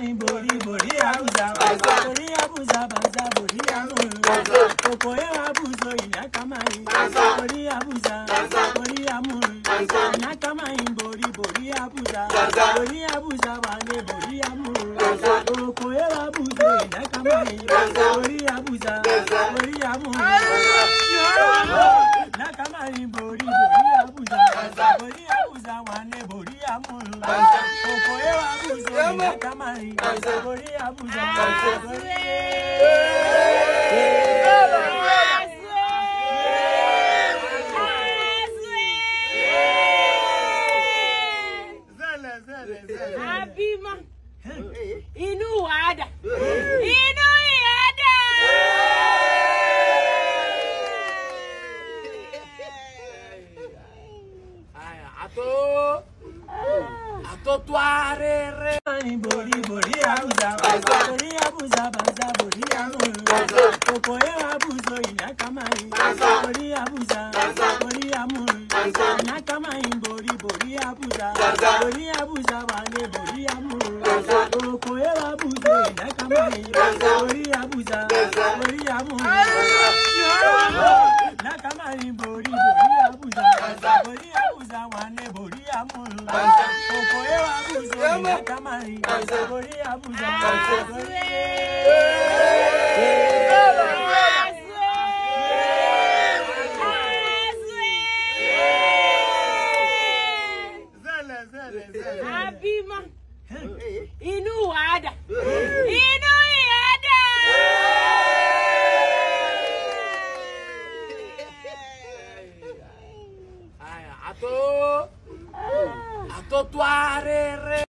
ni bori bori abuza bori abuza baza bori amuru koko ye abuzo inakamai bori abuza bori amuru inakamai bori bori abuza bori abuza wane bori amuru koko ye abuzo inakamai bori abuza bori amuru nakamai bori bori abuza bori abuza wane bori amuru ẹ̀yà tamari orí àbújá orí. Abima inú wàdà inú ìyàdà. Àtọ́ àtọ́ Bori bori bori bori abuza, abuza, amu, ní borí borí àbùsà borí àbùsà bàtà borí àmúrù kòkò yẹ àbùsọ ìnákàmáyì borí àbùsà Bori àmúrù ìnákàmáyì bori abuza, àbùsà borí àbùsà wàlẹ̀ borí e kòkò yẹ àbùsọ ìnákàmáyì bori abuza. wane bori amulu okoye wa buzo ya tamari bori abuzo Abima. Ato, ecco. ato tuare re.